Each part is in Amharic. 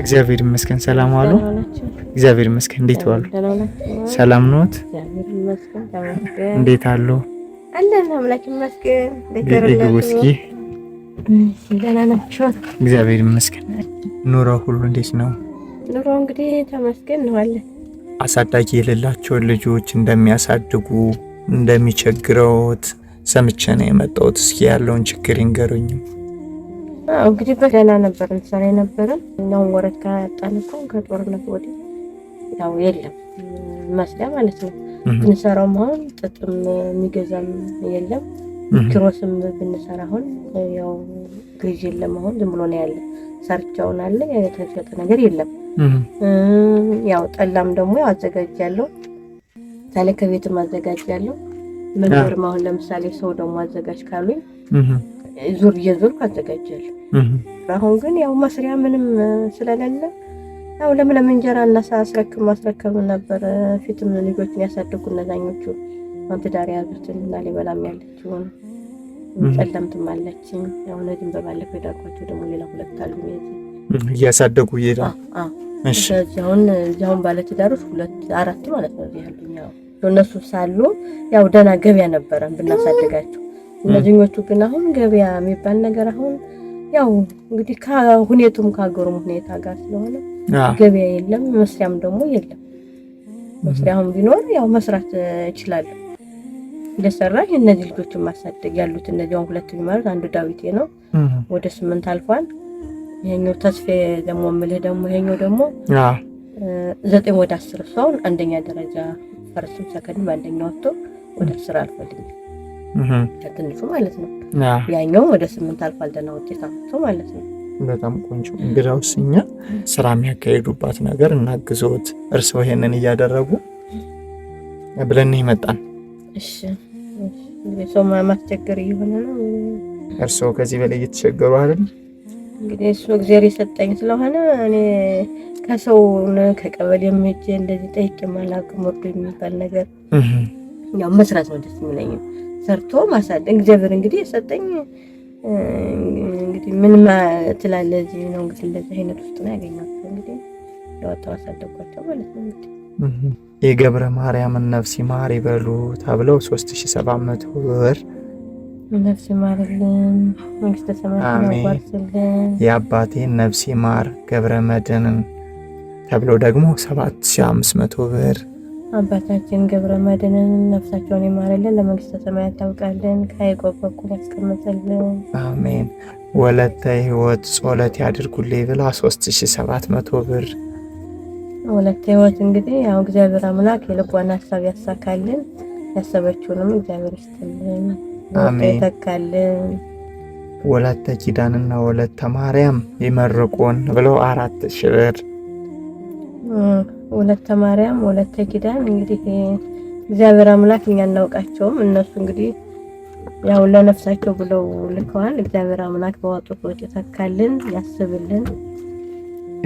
እግዚአብሔር ይመስገን። ሰላም ዋሉ። እግዚአብሔር ይመስገን። እንዴት ዋሉ? ሰላም ኖት? እንዴት አሉ? ይግቡ እስኪ። እግዚአብሔር ይመስገን። ኑሮ ሁሉ እንዴት ነው? ኑሮ እንግዲህ ተመስገን ነው አለ። አሳዳጊ የሌላቸውን ልጆች እንደሚያሳድጉ እንደሚቸግረውት ሰምቼ ነው የመጣሁት። እስኪ ያለውን ችግር ይንገሩኝም እንግዲህ በደህና ነበር እንሰራ የነበረን እኛውን ወረት ካጣን እኮ ከጦርነት ወዲህ ያው የለም መስሪያ ማለት ነው። ብንሰራውም አሁን ጥጥም የሚገዛም የለም። ኪሮስም ብንሰራ አሁን ያው ግዥ የለም። አሁን ዝም ብሎ ነው ያለ። ሰርቻውን አለ የተሸጠ ነገር የለም። ያው ጠላም ደግሞ ያው አዘጋጅ ያለው ታለ ከቤትም አዘጋጅ ያለው መኖርም አሁን ለምሳሌ ሰው ደግሞ አዘጋጅ ካሉ ዙር እየዙር አዘጋጃለሁ። አሁን ግን ያው መስሪያ ምንም ስለሌለ ያው ለምለም እንጀራ እና ሳስረክብ ማስረከብ ነበር። ፊትም ልጆችን ያሳደጉ እነዛኞቹ አሁን ትዳር ያዙትን እና ሊበላም ያለችውን ጨለምትም አለችኝ። ያው ነድን በባለፈው የዳርኳቸው ደግሞ ሌላ ሁለት አሉ እያሳደጉ ይሄዳል። እዚህ አሁን ባለትዳሮች ሁለት አራት ማለት ነው ያሉኝ ያው እነሱ ሳሉ ያው ደህና ገበያ ነበረን ብናሳድጋቸው። እነዚህኞቹ ግን አሁን ገበያ የሚባል ነገር አሁን ያው እንግዲህ ከሁኔቱም ከሀገሩም ሁኔታ ጋር ስለሆነ ገበያ የለም፣ መስሪያም ደግሞ የለም። መስሪያም ቢኖር ያው መስራት ይችላል። እንደሰራሽ እነዚህ ልጆችን ማሳደግ ያሉት እነዚህ አሁን ሁለት ማለት አንዱ ዳዊቴ ነው፣ ወደ ስምንት አልፏል። ይሄኛው ተስፌ ደግሞ ምልህ ደግሞ ይሄኛው ደግሞ ዘጠኝ ወደ አስር እሱ አሁን አንደኛ ደረጃ ፈረሱን ሰከድን በአንደኛው ወጥቶ ወደ አስር አልፈልኝ ከትንሹ ማለት ነው። ያኛው ወደ ስምንት አልፏል። ደህና ውጤት አምጥቶ ማለት ነው። በጣም ቆንጆ እንግዳውስ እኛ ስራ የሚያካሄዱባት ነገር እናግዞት እርስዎ ይሄንን እያደረጉ ብለን ይመጣን ሰው ማስቸገር እየሆነ ነው። እርስዎ ከዚህ በላይ እየተቸገሩ አይደል? እንግዲህ እሱ እግዚአብሔር የሰጠኝ ስለሆነ እኔ ከሰው ከቀበሌ ሄጄ እንደዚህ ጠይቄ አላውቅም። ወርዶ የሚባል ነገር ያው መስራት ነው ደስ የሚለኝ፣ ሰርቶ ማሳደግ። እግዚአብሔር እንግዲህ የሰጠኝ እንግዲህ ምን ትላለ እዚህ ነው እንግዲህ እንደዚህ አይነት ውስጥ ነው ያገኘኋቸው። እንግዲህ ያወጣው አሳደግኳቸው ማለት ነው። እንግዲህ የገብረ ማርያምን ነፍሲ ማር ይበሉ ተብለው ሶስት ሺ ሰባት መቶ ብር ነፍሲ ማርልን መንግስተ ሰማያት ያጓርስልን። የአባቴን ነፍሲ ማር ገብረ መድንን ተብሎ ደግሞ 7500 ብር አባታችን ገብረ መድህንን ነፍሳቸውን ይማረልን፣ ለመንግስተ ሰማያት ታብቃልን፣ ከያዕቆብ በኩል ያስቀምጥልን። አሜን። ወለተ ህይወት ጸሎት ያድርጉልኝ ብላ 3700 ብር ወለተ ህይወት እንግዲህ ያው እግዚአብሔር አምላክ የልቧን ሀሳብ ያሳካልን፣ ያሰበችውንም እግዚአብሔር ይስጥልን፣ ይተካልን። ወለተ ኪዳንና ወለተ ማርያም ይመርቁን ብለው አራት ሺህ ብር ወለተ ማርያም፣ ወለተ ኪዳን እንግዲህ እግዚአብሔር አምላክ እኛ እናውቃቸውም። እነሱ እንግዲህ ያው ለነፍሳቸው ብለው ልከዋል። እግዚአብሔር አምላክ በወጡት ወጪ ተካልን፣ ያስብልን።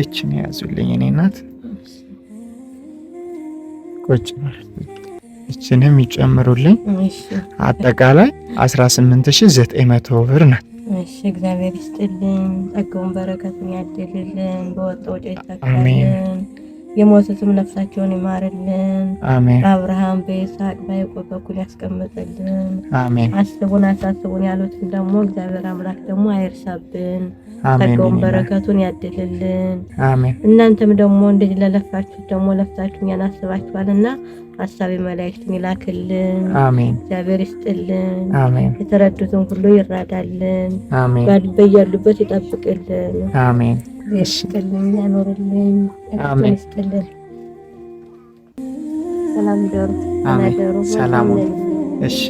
እችን ያዙልኝ እኔ እናት ቁጭ ማለት እችንም ይጨምሩልኝ። አጠቃላይ 18900 ብር ናት። እሺ እግዚአብሔር ይስጥልኝ፣ ጸጋውን በረከቱን ያድልልን፣ በወጣው ወጪ ተካልን። የሞቱትም ነፍሳቸውን ይማርልን። በአብርሃም በይስሐቅ በያዕቆብ በኩል ያስቀምጥልን። አስቡን አሳስቡን ያሉትን ደግሞ እግዚአብሔር አምላክ ደግሞ አይርሳብን፣ ጸጋውን በረከቱን ያድልልን። እናንተም ደግሞ እንደዚህ ለለፋችሁ ደግሞ ለፍታችሁ እኛን አስባችኋልና ሀሳቢ መላእክትን ይላክልን። እግዚአብሔር ይስጥልን። የተረዱትን ሁሉ ይራዳልን። በያሉበት ይጠብቅልን። ያሽቅልኝ፣ ያኖርልኝ፣ ሰላም ሰላም። እሺ